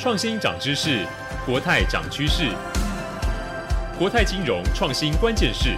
創新漲知識，國泰漲趨勢。國泰金融創新關鍵勢。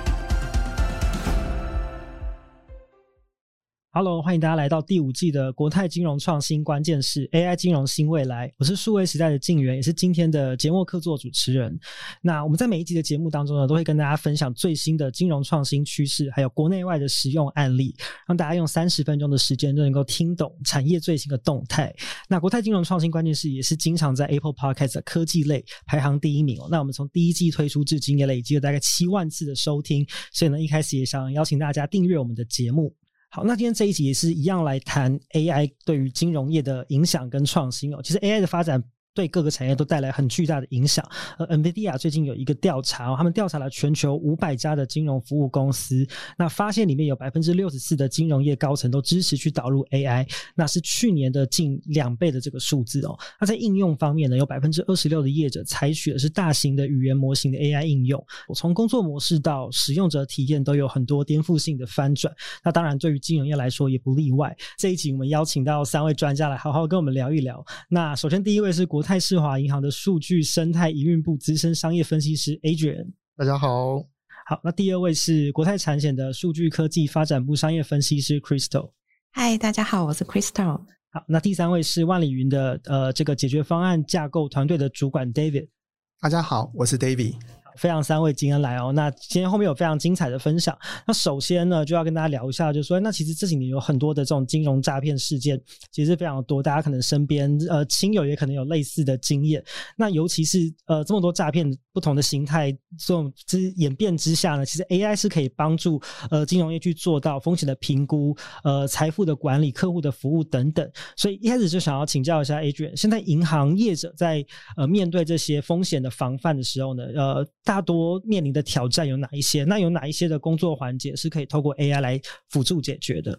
哈嘍，歡迎大家來到第五季的國泰金融創新關鍵勢 AI 金融新未來。我是數位時代的敬原，也是今天的節目客座主持人。那我們在每一集的節目當中呢，都會跟大家分享最新的金融創新趨勢，還有國內外的實用案例，讓大家用三十分鐘的時間就能夠聽懂產業最新的動態。那國泰金融創新關鍵勢也是經常在 Apple Podcast 的科技類排行第一名哦。那我們從第一季推出至今也累積了大概七萬次的收聽，所以呢，一開始也想邀請大家訂閱我們的節目。好，那今天這一集也是一樣來談 AI 對於金融業的影響跟創新哦。其實 AI 的發展。對各個產業都帶來很巨大的影響。呃，NVIDIA 最近有一個調查，哦，他們調查了全球五百家的金融服務公司，那發現裡面有百分之六十四的金融業高層都支持去導入 AI，那是去年的近兩倍的這個數字哦。那在應用方面呢，有26，有百分之二十六的業者採取的是大型的語言模型的 AI 應用。我從工作模式到使用者體驗都有很多顛覆性的翻轉。那當然，對於金融業來說也不例外。這一集我們邀請到三位專家來好好跟我們聊一聊。那首先第一位是國。國泰世華銀行的數據生態營運部資深商業分析師 Adrian。大家好。好，那第二位是國泰產險的數據科技發展部商業分析師 Crystal。嗨，大家好，我是 Crystal。好，那第三位是萬里雲的呃這個解決方案架構團隊的主管 David。大家好，我是 David。非常三位今天來哦，那今天後面有非常精彩的分享。那首先呢，就要跟大家聊一下，就是說，那其實這幾年有很多的這種金融詐騙事件，其實非常多，大家可能身邊呃親友也可能有類似的經驗。那尤其是呃這麼多詐騙不同的形態，這種之演變之下呢，其實 AI 是可以幫助呃金融業去做到風險的評估、呃財富的管理、客戶的服務等等。所以一開始就想要請教一下 Adrian，現在銀行業者在呃面對這些風險的防範的時候呢，呃。大多面臨的挑戰有哪一些？那有哪一些的工作環節是可以透過 AI 來輔助解決的？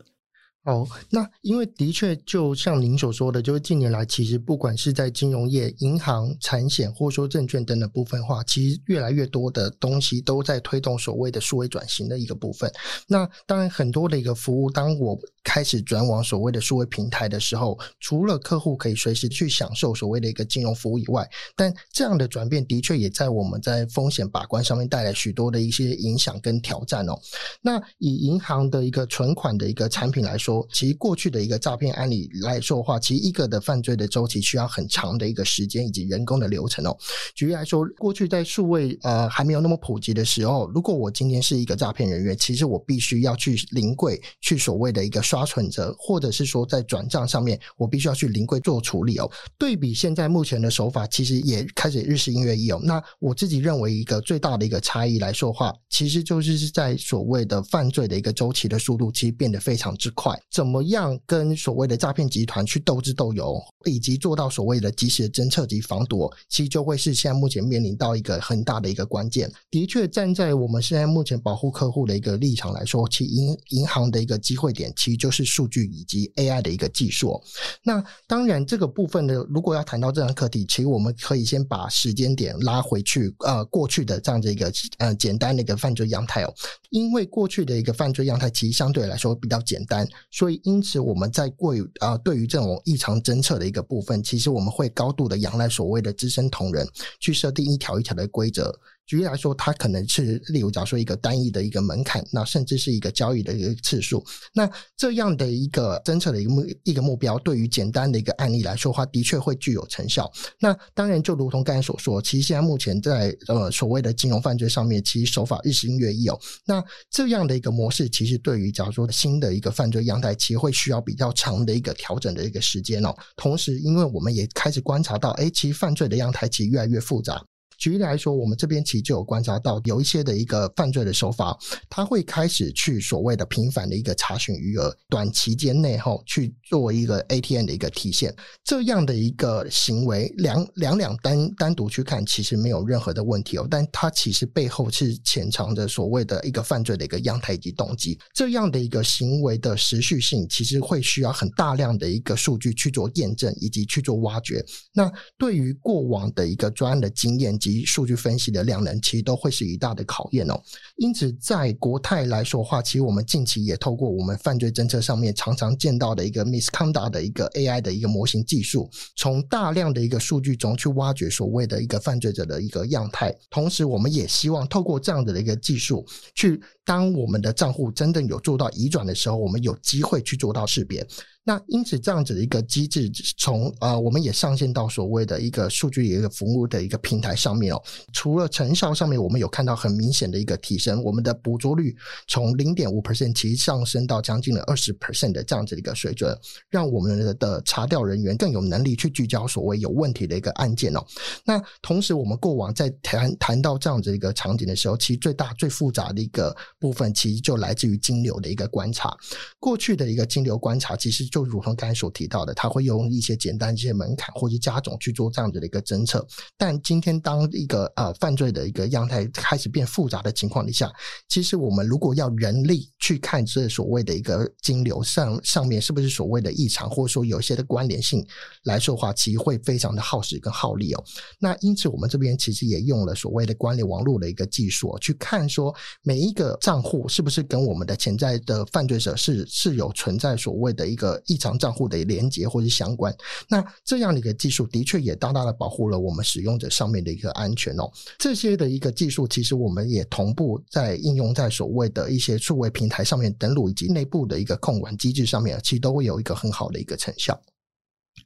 哦，那因為的確，就像您所說的，就是近年來其實不管是在金融業、銀行、產險，或說證券等等部分的話，其實越來越多的東西都在推動所謂的數位轉型的一個部分。那當然，很多的一個服務，當我開始轉往所謂的數位平台的時候，除了客戶可以隨時去享受所謂的一個金融服務以外，但這樣的轉變的確也在我們在風險把關上面帶來許多的一些影響跟挑戰哦。那以銀行的一個存款的一個產品來說。其實過去的一個詐騙案例來說的話，其實一個的犯罪的週期需要很長的一個時間以及人工的流程哦。舉例來說，過去在數位呃還沒有那麼普及的時候，如果我今天是一個詐騙人員，其實我必須要去臨櫃去所謂的一個刷存摺，或者是說在轉賬上面我必須要去臨櫃做處理哦。對比現在目前的手法，其實也開始日新月異哦。那我自己認為一個最大的一個差異來說的話，其實就是是在所謂的犯罪的一個週期的速度，其實變得非常之快。怎麼樣跟所謂的詐騙集團去鬥智鬥勇，以及做到所謂的即時的偵測及防堵，其實就會是現在目前面臨到一個很大的一個關鍵。的確，站在我們現在目前保護客戶的一個立場來說，其實銀銀行的一個機會點，其實就是數據以及 AI 的一個技術。那當然，這個部分呢，如果要談到這樣課題，其實我們可以先把時間點拉回去，呃，過去的這樣的一個呃簡單的一個犯罪樣態，哦，因為過去的一個犯罪樣態其實相對來說比較簡單。所以，因此我們在過去啊，對於這種異常偵測的一個部分，其實我們會高度的仰賴所謂的資深同仁，去設定一條一條的規則。舉例來說，它可能是，例如假如說一個單一的一個門檻，那甚至是一個交易的一個次數，那這樣的一個偵測的一個目一個目標，對於簡單的一個案例來說的話，的確會具有成效。那當然，就如同剛才所說，其實現在目前在呃所謂的金融犯罪上面，其實手法日新月異哦。那這樣的一個模式，其實對於假如說新的一個犯罪樣態，其實會需要比較長的一個調整的一個時間哦、喔。同時，因為我們也開始觀察到，哎、欸，其實犯罪的樣態其實越來越複雜。舉例來說，我們這邊其實就有觀察到有一些的一個犯罪的手法，它會開始去所謂的頻繁的一個查詢餘額，短期間內哈去做一個 ATM 的一個提現，這樣的一個行為兩兩兩單單獨去看，其實沒有任何的問題哦，但它其實背後是潛藏着所謂的一個犯罪的一個樣態以及動機，這樣的一個行為的持續性，其實會需要很大量的一個數據去做驗證以及去做挖掘。那對於過往的一個專案的經驗。及數據分析的量能其實都會是一大的考驗哦。因此，在國泰來說的話，其實我們近期也透過我們犯罪偵測上面常常見到的一個 Miss Conda 的一個 AI 的一個模型技術，從大量的一個數據中去挖掘所謂的一個犯罪者的一個樣態。同時，我們也希望透過這樣的一個技術，去當我們的賬戶真正有做到移轉的時候，我們有機會去做到識別。那因此這樣子的一個機製，從、呃、啊我們也上線到所謂的一個數據一個服務的一個平台上面哦，除了成效上面我們有看到很明顯的一個提升，我們的捕捉率從零點五 percent 其實上升到將近了二十 percent 的這樣子的一個水準，讓我們的的查調人員更有能力去聚焦所謂有問題的一個案件哦。那同時我們過往在談談到這樣子一個場景的時候，其實最大最複雜的一個部分，其實就來自於金流的一個觀察，過去的一個金流觀察其實。就如同剛才所提到的，他會用一些簡單，一些門檻或者加總去做這樣子的一個偵測。但今天當一個呃犯罪的一個樣態開始變複雜的情況底下，其實我們如果要人力去看這所謂的一個金流上上面是不是所謂的異常，或者說有一些的關聯性來說的話，其實會非常的耗時跟耗力哦。那因此我們這邊其實也用了所謂的關聯網絡的一個技術，去看說每一個賬戶是不是跟我們的潛在的犯罪者是是有存在所謂的一個。異常賬戶的連接或是相關，那這樣的一個技術的確也大大的保護了我們使用者上面的一個安全哦。這些的一個技術，其實我們也同步在應用在所謂的一些數位平台上面登錄以及內部的一個控管機制上面，其實都會有一個很好的一個成效。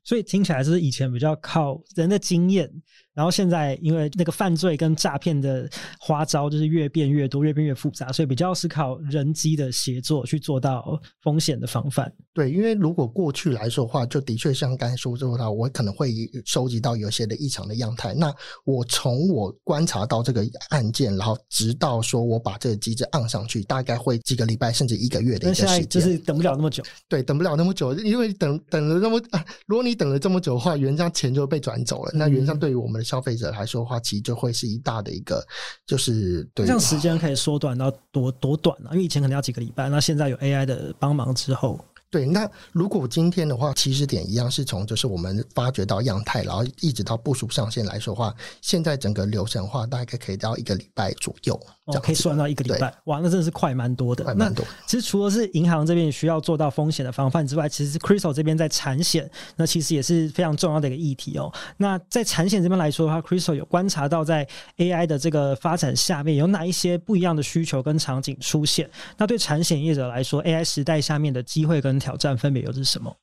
所以聽起來是，是以前比較靠人的經驗。然後現在，因為那個犯罪跟詐騙的花招就是越變越多，越變越複雜，所以比較是靠人機的協作去做到風險的防範。對，因為如果過去來說的話，就的確像剛才說的話，我可能會收集到有些的異常的樣態。那我從我觀察到這個案件，然後直到說我把這個機制按上去，大概會幾個禮拜甚至一個月的一個時間，但就是等不了那麼久。對，等不了那麼久，因為等等了那麼、啊，如果你等了這麼久的話，原價錢就被轉走了。嗯、那原價對於我們。消費者來說的話，其實就會是一大的一個，就是對。這樣時間可以縮短到多多短了啊？因為以前可能要幾個禮拜，那現在有 AI 的幫忙之後，對，那如果今天的話，起始點一樣是從就是我們發掘到樣態，然後一直到部署上線來說的話，現在整個流程的話大概可以到一個禮拜左右。哦，可以算到一個禮拜，哇，那真的是快蠻多，多的。那其實除了是銀行這邊需要做到風險的防範之外，其實 Crystal 這邊在產險，那其實也是非常重要的一個議題哦。那在產險這邊來說的話，Crystal 有觀察到在 AI 的這個發展下面有哪一些不一樣的需求跟場景出現？那對產險業者來說，AI 時代下面的機會跟挑戰分別又是什麼？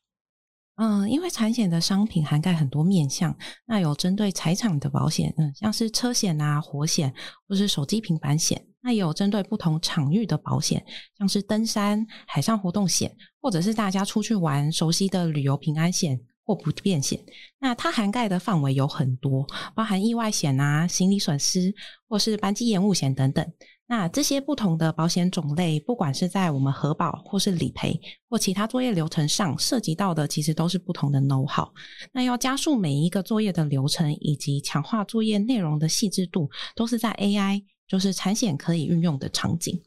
嗯，因為產險的商品涵蓋很多面向，那有針對財產的保險，嗯，像是車險啊、火險，或是手機平板險；那也有針對不同場域的保險，像是登山、海上活動險，或者是大家出去玩熟悉的旅遊平安險或不便險。那它涵蓋的範圍有很多，包含意外險啊、行李損失，或是班機延誤險等等。那這些不同的保險種類，不管是在我們核保，或是理賠，或其他作業流程上涉及到的，其實都是不同的 know-how。那要加速每一個作業的流程，以及強化作業內容的細致度，都是在 AI 就是產險可以運用的場景。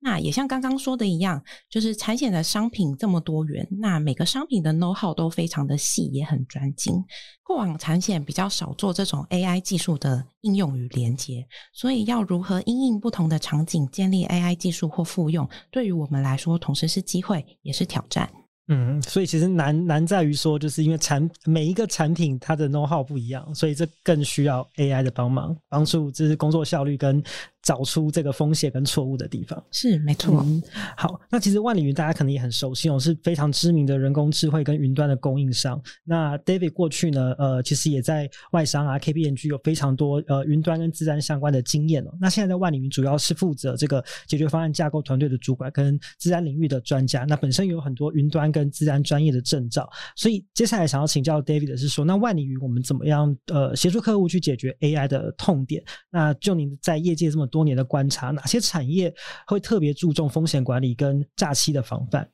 那也像剛剛說的一樣，就是產險的商品這麼多元，那每個商品的 know-how 都非常的細，也很專精。過往產險比較少做這種 AI 技術的應用與連接，所以要如何因應不同的場景建立 AI 技術或複用，對於我們來說，同時是機會也是挑戰。嗯，所以其實難難在於說，就是因為產每一個產品它的 know-how 不一樣，所以這更需要 AI 的幫忙，幫助這是工作效率跟。找出這個風險跟錯誤的地方是沒錯、哦嗯。好，那其實萬里雲大家可能也很熟悉哦、喔，是非常知名的人工智慧跟雲端的供應商。那 David 過去呢，呃，其實也在外商啊 KPMG 有非常多呃雲端跟資安相關的經驗哦、喔。那現在在萬里雲主要是負責這個解決方案架構團隊的主管跟資安領域的專家。那本身有很多雲端跟資安專業的證照，所以接下來想要請教 David 的是說，那萬里雲我們怎麼樣呃協助客戶去解決 AI 的痛點？那就您在業界這麼多。多年的觀察，哪些產業會特別注重風險管理跟詐欺的防範？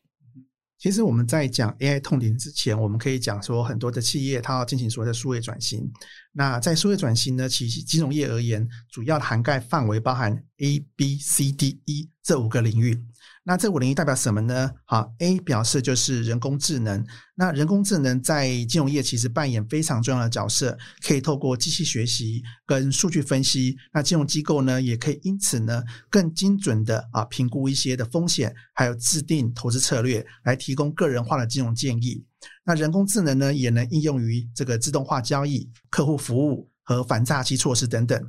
其實我們在講 AI 痛點之前，我們可以講說很多的企業它要進行所謂的數位轉型。那在數位轉型呢，其實金融業而言，主要涵蓋範圍包含 A、B、C、D、E 這五個領域。那這五零一代表什麼呢？好 a 表示就是人工智能。那人工智能在金融業其實扮演非常重要的角色，可以透過機器學習跟數據分析。那金融機構呢，也可以因此呢更精準的啊評估一些的風險，還有制定投資策略，來提供個人化的金融建議。那人工智能呢，也能應用於這個自動化交易、客戶服務和反詐欺措施等等。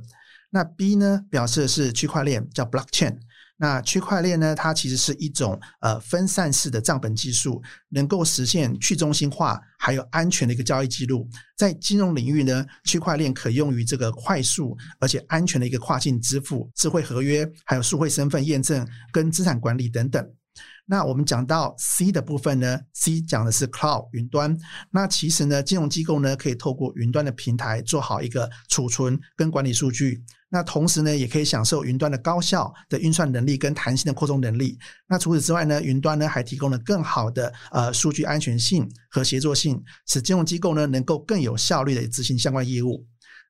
那 B 呢，表示是區塊鏈，叫 blockchain。那區塊鏈呢？它其實是一種呃分散式的賬本技術，能夠實現去中心化，還有安全的一個交易記錄。在金融領域呢，區塊鏈可用於這個快速而且安全的一個跨境支付、智慧合約、還有數位身份驗證、跟資產管理等等。那我們講到 C 的部分呢，C 講的是 Cloud，雲端。那其實呢，金融機構呢可以透過雲端的平台做好一個儲存跟管理數據。那同時呢，也可以享受雲端的高效的運算能力跟彈性的擴充能力。那除此之外呢，雲端呢還提供了更好的呃數據安全性和協作性，使金融機構呢能夠更有效率地執行相關業務。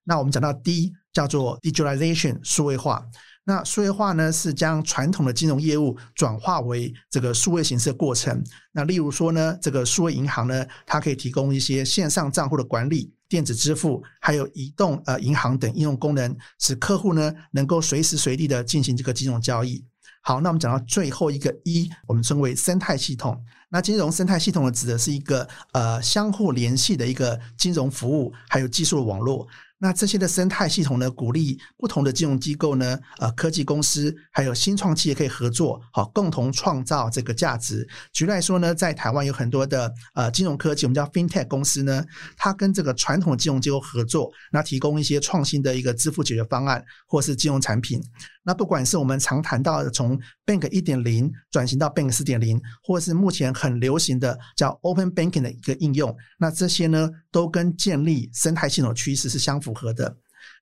那我們講到 D 叫做 digitalization 數位化。那數位化呢，是將傳統的金融業務轉化為這個數位形式的過程。那例如說呢，這個數位銀行呢，它可以提供一些線上賬戶的管理、電子支付，還有移動呃銀行等應用功能，使客戶呢能夠隨時隨地的進行這個金融交易。好，那我們講到最後一個一，我們稱為生態系統。那金融生態系統呢，指的是一個呃相互聯繫的一個金融服務，還有技術的網絡。那這些的生態系統呢，鼓勵不同的金融機構呢，呃，科技公司還有新創企業可以合作，好、哦，共同創造這個價值。舉例來說呢，在台灣有很多的呃金融科技，我們叫 FinTech 公司呢，它跟這個傳統金融機構合作，那提供一些創新的一個支付解決方案或是金融產品。那不管是我們常談到的從 Bank 一點零轉型到 Bank 四點零，或是目前很流行的叫 Open Banking 的一個應用，那這些呢，都跟建立生態系統趨勢是相符合的，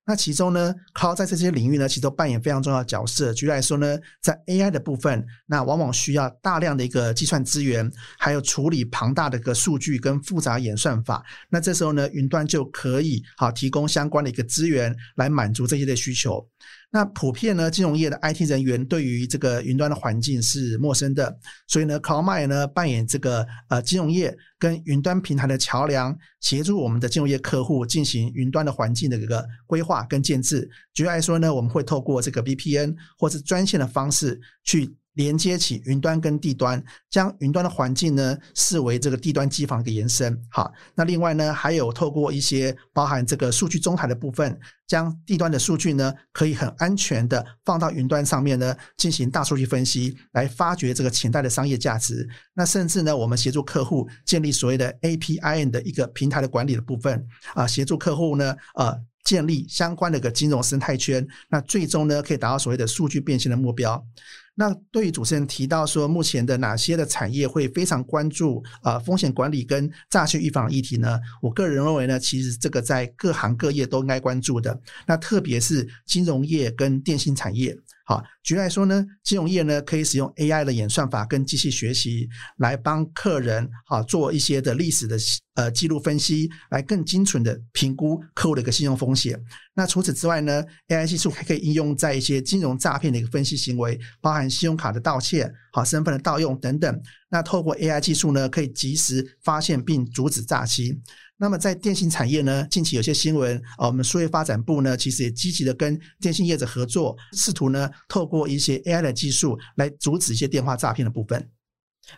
那其中呢，Cloud 在這些領域呢，其實都扮演非常重要的角色。舉例來說呢，在 AI 的部分，那往往需要大量的一個計算資源，還有處理龐大的一個數據跟複雜演算法。那這時候呢，雲端就可以好提供相關的一個資源，來滿足這些的需求。那普遍呢，金融業的 IT 人員對於這個雲端的環境是陌生的，所以呢，CloudMile 呢扮演這個呃金融業跟雲端平台的橋梁，協助我們的金融業客戶進行雲端的環境的一個規劃跟建置，舉例來說呢，我們會透過這個 VPN 或是專線的方式去。連接起雲端跟地端，將雲端的環境呢視為這個地端機房的延伸。好，那另外呢還有透過一些包含這個數據中台的部分，將地端的數據呢可以很安全的放到雲端上面呢進行大數據分析，來發掘這個潛在的商業價值。那甚至呢我們協助客戶建立所謂的 APIM 的一個平台的管理的部分啊，協助客戶呢呃建立相關的個金融生態圈，那最終呢可以達到所謂的數據變現的目標。那對於主持人提到說，目前的哪些的產業會非常關注啊風險管理跟詐欺預防議題呢？我個人認為呢，其實這個在各行各業都應該關注的。那特別是金融業跟電信產業。好，舉例來說呢，金融業呢可以使用 AI 的演算法、跟機器學習來幫客人好做一些的歷史的呃記錄分析，來更精準的評估客戶的一個信用風險。那除此之外呢，AI 技術還可以應用在一些金融詐騙的一個分析行為，包含信用卡的盜竊、好身份的盜用等等。那透過 AI 技術呢，可以及時發現並阻止詐欺。那麼在電信產業呢，近期有些新聞啊、哦，我們事業發展部呢，其實也積極的跟電信業者合作，試圖呢透過一些 AI 的技術來阻止一些電話詐騙的部分。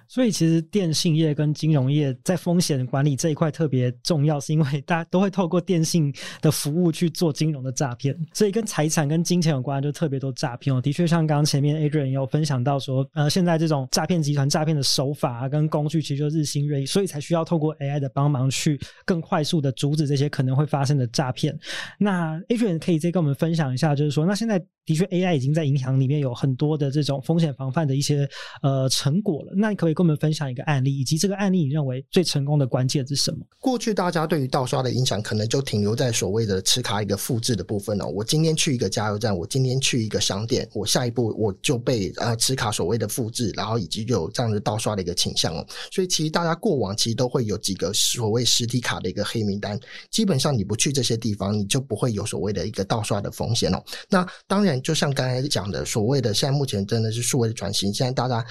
所以其實電信業跟金融業在風險管理這一塊特別重要，是因為大家都會透過電信的服務去做金融的詐騙，所以跟財產跟金錢有關就特別多詐騙。哦，的確，像剛前面 Adrian 也有分享到說，呃，現在這種詐騙集團詐騙的手法啊，跟工具其實就日新月異，所以才需要透過 AI 的幫忙去更快速的阻止這些可能會發生的詐騙。那 Adrian 可以再跟我們分享一下，就是說，那現在。的確，AI 已經在銀行裡面有很多的這種風險防範的一些呃成果了。那你可不可以跟我們分享一個案例，以及這個案例你認為最成功的關鍵是什麼？過去大家對於盜刷的影響，可能就停留在所謂的持卡一個複製的部分哦，喔。我今天去一個加油站，我今天去一個商店，我下一步我就被呃持卡所謂的複製，然後以及就有這樣的盜刷的一個傾向哦，喔。所以其實大家過往其實都會有幾個所謂實體卡的一個黑名單，基本上你不去這些地方，你就不會有所謂的一個盜刷的風險哦。那當然。就像剛才講的，所謂的現在目前真的是數位的轉型，現在大家。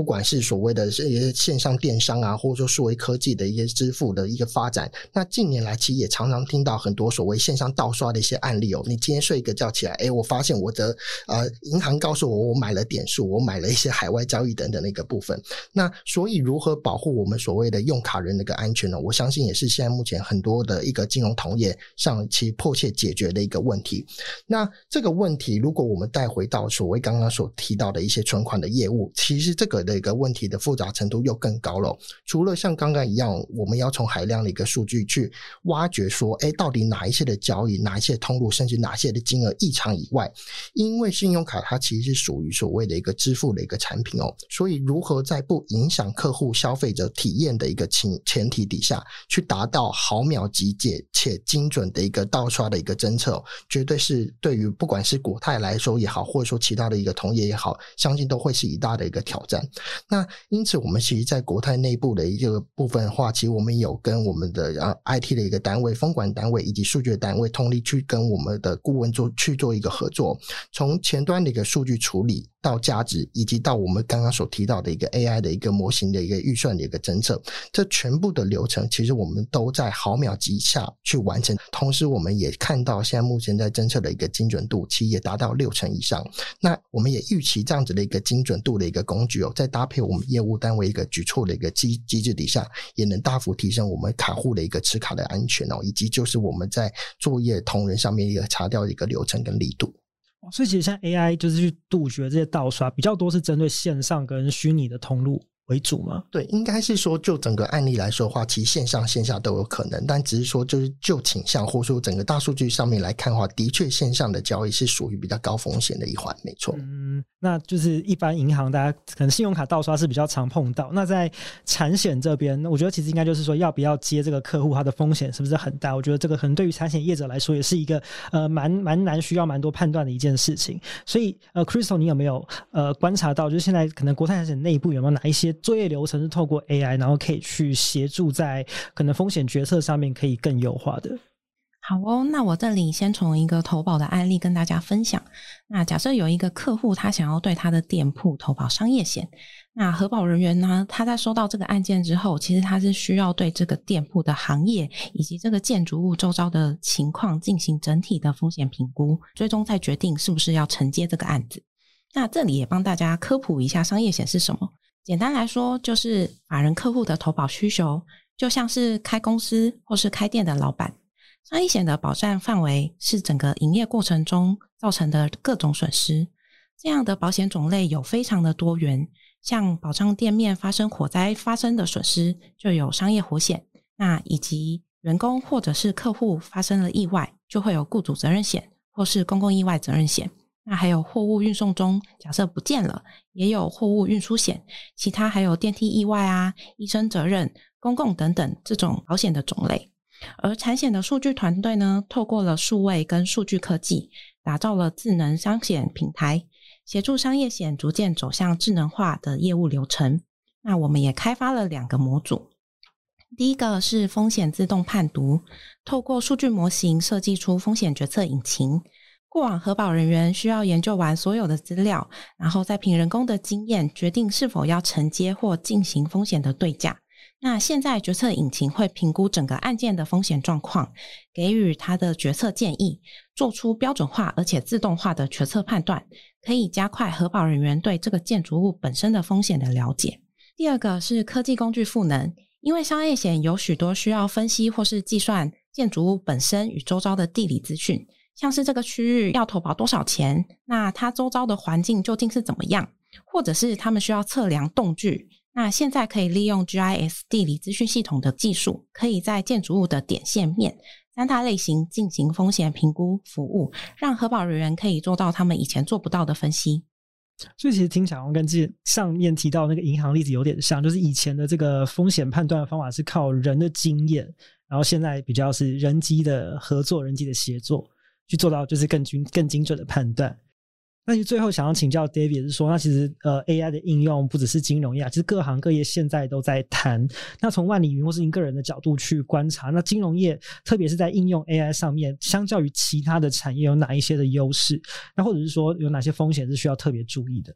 不管是所謂的一些線上電商啊，或者說數位科技的一些支付的一個發展，那近年來其實也常常聽到很多所謂線上盜刷的一些案例喔。你今天睡一個覺起來，欸，我發現我的呃銀行告訴我我買了點數，我買了一些海外交易等等那個部分。那所以如何保護我們所謂的用卡人的一個安全呢？我相信也是現在目前很多的一個金融同業上其實迫切解決的一個問題。那這個問題，如果我們帶回到所謂剛剛所提到的一些存款的業務，其實這個。的一個問題的複雜程度又更高了哦。除了像剛剛一樣，我們要從海量的一個數據去挖掘，說，哎，到底哪一些的交易、哪一些通路，甚至哪一些的金額異常以外，因為信用卡它其實是屬於所謂的一個支付的一個產品哦，所以如何在不影響客戶消費者體驗的一個前前提底下去達到毫秒級且且精準的一個盜刷的一個偵測哦，絕對是對於不管是國泰來說也好，或者說其他的一個同業也好，相信都會是一大的一個挑戰。那因此，我們其實，在國泰內部的一個部分的話，其實我們有跟我們的啊 IT 的一個單位、風管單位以及數據的單位，通力去跟我們的顧問做去做一個合作，從前端的一個數據處理，到價值，以及到我們剛剛所提到的一個 AI 的一個模型的一個預算的一個偵測，這全部的流程其實我們都在毫秒級下去完成。同時，我們也看到現在目前在偵測的一個精準度其實也達到六成以上。那我們也預期這樣子的一個精準度的一個工具哦，在搭配我們業務單位一個舉措的一個機機制底下，也能大幅提升我們卡戶的一個持卡的安全哦，以及就是我們在作業同仁上面也查掉的一個流程跟力度。所以，其實像 AI 就是去杜絕這些盜刷，比較多是針對線上跟虛擬的通路為主嗎？對，應該是說，就整個案例來說的話，其實線上線下都有可能，但只是說，就是就傾向，或者說整個大數據上面來看的話，的確線上的交易是屬於比較高風險的一環，沒錯。嗯，那就是一般銀行，大家可能信用卡盜刷是比較常碰到。那在產險這邊，那我覺得其實應該就是說，要不要接這個客戶，他的風險是不是很大？我覺得這個可能對於產險業者來說，也是一個呃蠻蠻難需要蠻多判斷的一件事情。所以，呃，Crystal，你有沒有呃觀察到，就是現在可能國泰產險內部有沒有哪一些？作業流程是透過 AI，然後可以去協助在可能風險決策上面可以更優化的。好哦，那我這裡先從一個投保的案例跟大家分享。那假設有一個客戶，他想要對他的店鋪投保商業險，那核保人員呢，他在收到這個案件之後，其實他是需要對這個店鋪的行業以及這個建築物周遭的情況進行整體的風險評估，最終再決定是不是要承接這個案子。那這裡也幫大家科普一下，商業險是什麼？簡單來說，就是法人客戶的投保需求，就像是開公司或是開店的老闆，商業險的保障範圍是整個營業過程中造成的各種損失。這樣的保險種類有非常的多元，像保障店面發生火災發生的損失，就有商業火險，那以及員工或者是客戶發生了意外，就會有僱主責任險，或是公共意外責任險。那還有貨物運送中，假設不見了，也有貨物運輸險，其他還有電梯意外啊、醫生責任、公共等等這種保險的種類。而產險的數據團隊呢，透過了數位跟數據科技，打造了智能商險平台，協助商業險逐漸走向智能化的業務流程。那我們也開發了兩個模組，第一個是風險自動判讀，透過數據模型設計出風險決策引擎。過往核保人員需要研究完所有的資料，然後再憑人工的經驗決定是否要承接或進行風險的對價。那現在決策引擎會評估整個案件的風險狀況，給予他的決策建議，做出標準化而且自動化的決策判斷，可以加快核保人員對這個建築物本身的風險的了解。第二個是科技工具賦能，因為商業險有許多需要分析或是計算建築物本身與周遭的地理資訊。像是這個區域要投保多少錢？那它周遭的環境究竟是怎麼樣？或者是他們需要測量棟距？那現在可以利用 GIS 地理資訊系統的技術，可以在建築物的點線面、線、面三大類型進行風險評估服務，讓核保人員可以做到他們以前做不到的分析。所以其實聽起來好像跟這上面提到那個銀行例子有點像，就是以前的這個風險判斷的方法是靠人的經驗，然後現在比較是人機的合作，人機的協作。去做到就是更精、更精準的判斷。那你最後想要請教 David 是說，那其實呃 AI 的應用不只是金融業，其實各行各業現在都在談。那從萬里雲或是您個人的角度去觀察，那金融業特別是在應用 AI 上面，相較於其他的產業有哪一些的優勢？那或者是說有哪些風險是需要特別注意的？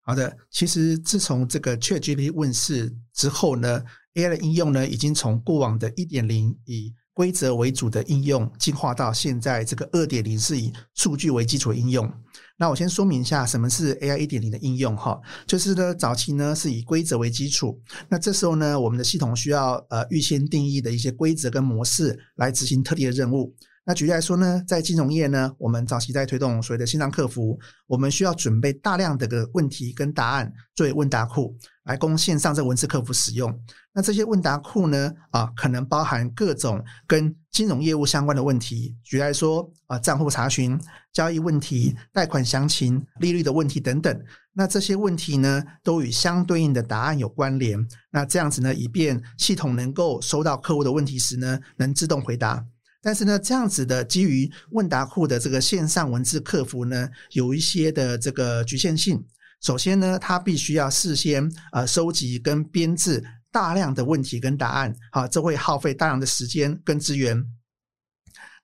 好的，其實自從這個 ChatGPT 問世之後呢，AI 的應用呢已經從過往的一點零以規則為主的應用，進化到現在，這個二點零是以數據為基礎的應用。那我先說明一下什麼是 AI 一點零的應用哈，就是呢，早期呢是以規則為基礎，那這時候呢，我們的系統需要呃預先定義的一些規則跟模式來執行特定的任務。那舉例來說呢，在金融業呢，我們早期在推動所謂的線上客服，我們需要準備大量的個問題跟答案作為問答庫，來供線上這個文字客服使用。那這些問答庫呢，啊，可能包含各種跟金融業務相關的問題，舉例來說，啊，賬戶查詢、交易問題、貸款詳情、利率的問題等等。那這些問題呢，都與相對應的答案有關聯。那這樣子呢，以便系統能夠收到客戶的問題時呢，能自動回答。但是呢，這樣子的基於問答庫的這個線上文字客服呢，有一些的這個局限性。首先呢，它必須要事先呃收集跟編製大量的問題跟答案，好、啊，這會耗費大量的時間跟資源。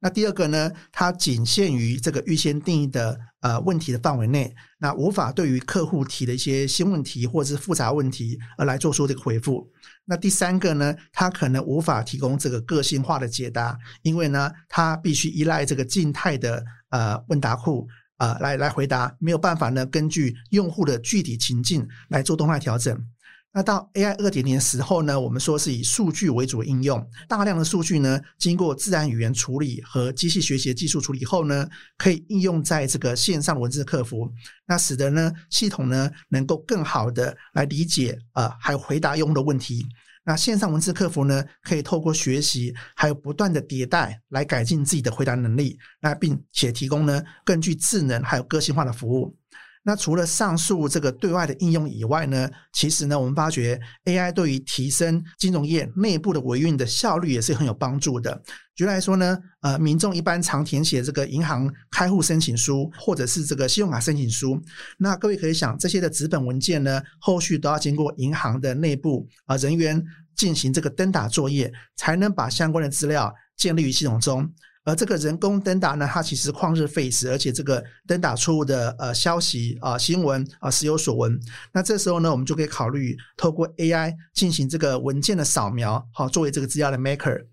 那第二個呢，它僅限於這個預先定義的呃問題的範圍內，那無法對於客戶提的一些新問題或者是複雜問題而來做出這個回復。那第三個呢，它可能無法提供這個個性化的解答，因為呢，它必須依賴這個靜態的呃問答庫啊，呃，來來回答，沒有辦法呢根據用戶的具體情境來做動態調整。那到 AI 二點零的時候呢，我們說是以數據為主的應用，大量的數據呢，經過自然語言處理和機器學習的技術處理後呢，可以應用在這個線上的文字客服，那使得呢系統呢能夠更好的來理解，呃，還有回答用的問題。那線上文字客服呢，可以透過學習，還有不斷的迭代來改進自己的回答能力，那並且提供呢，更具智能還有個性化的服務。那除了上述這個對外的應用以外呢，其實呢，我們發覺 AI 對於提升金融業內部的維運的效率也是很有幫助的。舉例來說呢，呃，民眾一般常填寫這個銀行開戶申請書或者是這個信用卡申請書，那各位可以想，這些的紙本文件呢，後續都要經過銀行的內部啊、呃、人員進行這個登打作業，才能把相關的資料建立於系統中。而這個人工登打呢，它其實曠日費時，而且這個登打出的呃消息啊、呃、新聞啊、呃、時有所聞。那這時候呢，我們就可以考慮透過 AI 進行這個文件的掃描，好、哦、作為這個資料的 maker。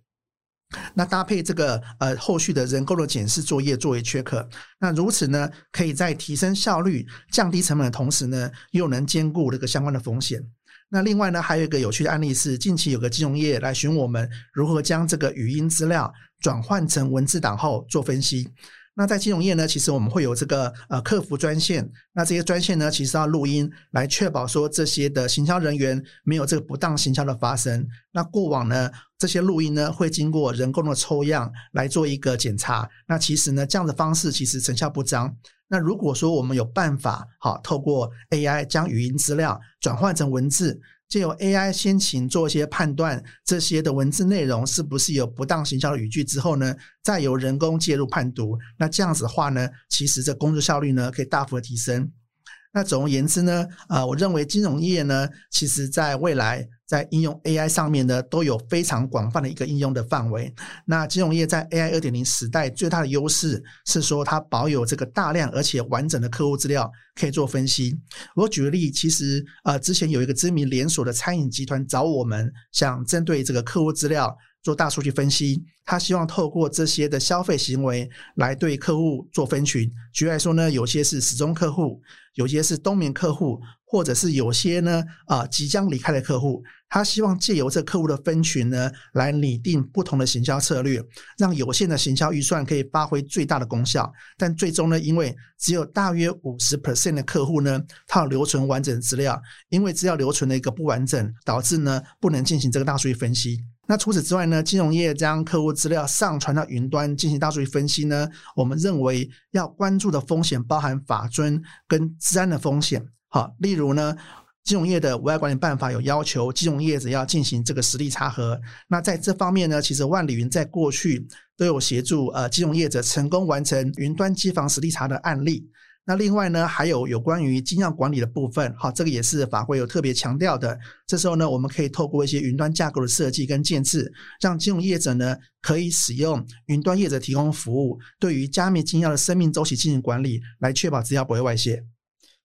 那搭配這個呃後續的人工的檢視作業作為 checker，那如此呢，可以在提升效率、降低成本的同時呢，又能兼顧這個相關的風險。那另外呢，還有一個有趣的案例是，近期有個金融業來詢我們如何將這個語音資料轉換成文字檔後做分析。那在金融業呢，其實我們會有這個呃客服專線，那這些專線呢，其實要錄音來確保說這些的行銷人員沒有這個不當行銷的發生。那過往呢，這些錄音呢會經過人工的抽樣來做一個檢查。那其實呢，這樣的方式其實成效不彰。那如果說我們有辦法，好，透過 AI 將語音資料轉換成文字，借由 AI 先行做一些判斷，這些的文字內容是不是有不當行銷的語句之後呢，再由人工介入判讀，那這樣子的話呢，其實這工作效率呢可以大幅的提升。那總而言之呢，呃，我認為金融業呢，其實在未來在應用 AI 上面呢，都有非常廣泛的一個應用的範圍。那金融業在 AI 2.0時代最大的優勢是說，它保有這個大量而且完整的客戶資料可以做分析。我舉個例，其實，呃，之前有一個知名連鎖的餐飲集團找我們，想針對這個客戶資料。做大數據分析，他希望透過這些的消費行為來對客戶做分群。舉例來說呢，有些是死忠客戶，有些是冬眠客戶，或者是有些呢啊，即將離開的客戶。他希望借由這客戶的分群呢，來擬定不同的行銷策略，讓有限的行銷預算可以發揮最大的功效。但最終呢，因為只有大約五十 percent 的客戶呢，他有留存完整資料，因為資料留存的一個不完整，導致呢不能進行這個大數據分析。那除此之外呢，金融業將客戶資料上傳到雲端進行大數據分析呢，我們認為要關注的風險包含法遵跟資安的風險。好，例如呢，金融業的委外管理辦法有要求金融業者要進行這個實地查核。那在這方面呢，其實萬里雲在過去都有協助呃金融業者成功完成雲端機房實地查核的案例。那另外呢，還有有關於金鑰管理的部分，好，這個也是法規有特別強調的。這時候呢，我們可以透過一些雲端架構的設計跟建制，讓金融業者呢可以使用雲端業者提供服務，對於加密金鑰的生命周期進行管理，來確保資料不會外泄。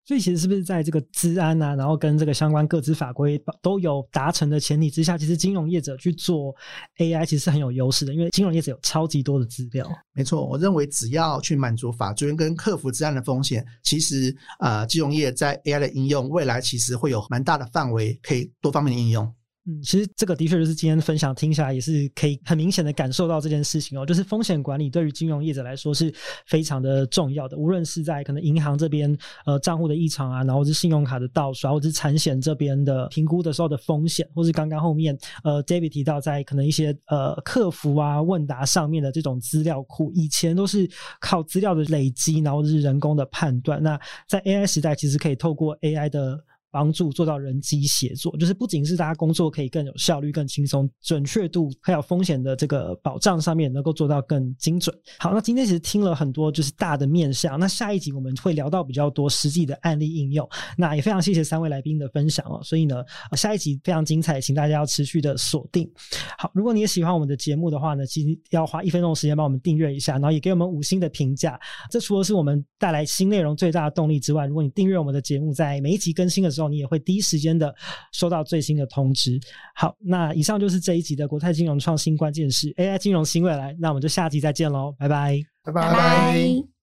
所以其實是不是在這個資安吶、啊，然後跟這個相關個資法規，都有達成的前提之下，其實金融業者去做 AI 其實是很有優勢的，因為金融業者有超級多的資料。沒錯，我認為只要去滿足法遵跟克服資安的風險，其實呃金融業在 AI 的應用未來其實會有蠻大的範圍可以多方面的應用。嗯，其實這個的確就是今天分享的聽下來也是可以很明顯的感受到這件事情哦，就是風險管理對於金融業者來說是非常的重要的。無論是在可能銀行這邊呃賬戶的異常啊，然後是信用卡的盜刷啊，或者是產險這邊的評估的時候的風險，或是剛剛後面呃 David 提到在可能一些呃客服啊問答上面的這種資料庫，以前都是靠資料的累積，然後是人工的判斷。那在 AI 時代，其實可以透過 AI 的。幫助做到人機協作，就是不僅是大家工作可以更有效率、更輕鬆、準確度還有風險的這個保障上面能夠做到更精準。好，那今天其實聽了很多就是大的面向，那下一集我們會聊到比較多實際的案例應用。那也非常謝謝三位來賓的分享哦。所以呢，啊，下一集非常精彩，請大家要持續的鎖定。好，如果你也喜歡我們的節目的話呢，其實要花一分鐘的時間幫我們訂閱一下，然後也給我們五星的評價。這除了是我們帶來新內容最大的動力之外，如果你訂閱我們的節目，在每一集更新的時候。你也會第一時間的收到最新的通知。好，那以上就是這一集的國泰金融創新關鍵勢 AI 金融新未來。那我們就下期再見嘍，拜拜，拜拜。